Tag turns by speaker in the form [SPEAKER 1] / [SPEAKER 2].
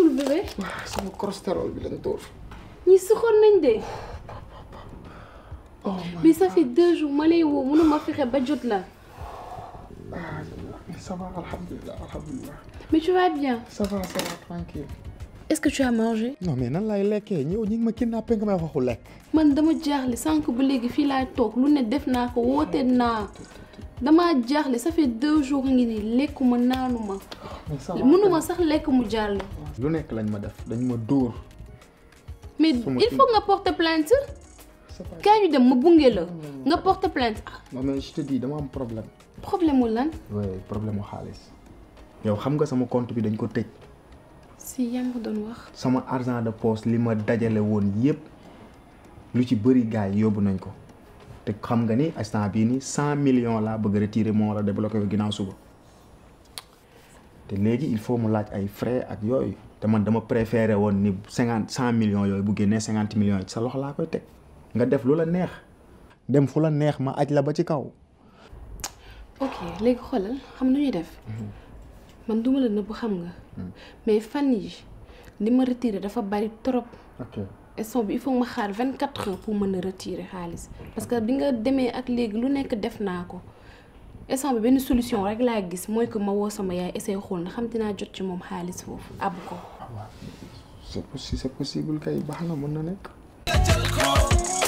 [SPEAKER 1] suul bébé. waaw bi lañ dóor. ñi suxoon de. deux jours ma lay woo mënu fexe ba jot la. ah ça alhamdulilah alhamdulilah. mais tu bien. ça va tranquille.
[SPEAKER 2] est-ce que tu as mangé. non lekkee ñëw ñi ngi ma kidnappé nga may waxu lekk.
[SPEAKER 1] man dama jaaxle sànq ba léegi fii laa toog lu ne def naa ko woote naa damaa jaaxle ça fait deux jours ngi nii lekkuma naanuma. mënuma sax lekk mu jàll.
[SPEAKER 2] lu nekk lañ ma def dañ ma dóor.
[SPEAKER 1] mais il faut nga porter plainte. kaay ñu dem ma bunge la nga porter plainte ah.
[SPEAKER 2] non mais je dama am problème.
[SPEAKER 1] problème wu lan.
[SPEAKER 2] problème mu xaalis. yow xam nga sama compte bi dañ ko tëj.
[SPEAKER 1] si yaa ngi doon wax.
[SPEAKER 2] sama argent de poche li ma dajale woon yépp lu ci bëri gars yi yóbbu nañ ko te xam nga ni instant bii nii cent million laa bëgg a retirer moo war a ginnaaw suba. te léegi il faut mu laaj ay frais ak yooyu te man dama préféré woon ni cinquante cent millions yooyu bu génnee cinquante millions yi sa loxo laa koy teg nga def lu la neex dem fu la neex ma aj la ba ci kaw.
[SPEAKER 1] ok léegi xoolal xam nañuy def mhm. man duma la nëbb xam nga mhm. mais fan yi li ma retiré dafa bari trop. instant bi il faut ma xaar vingt quatre pour mën a retirer xaalis parce que bi nga demee ak léegi lu nekk def naa ko. instant bi benn solution rek laa gis mooy que ma woo sama yaay essayé xool na xam dinaa jot ci moom xaalis foofu àbb ko. Ah, waaw
[SPEAKER 2] c'est possible c'est kay baax na
[SPEAKER 1] mën na nekk.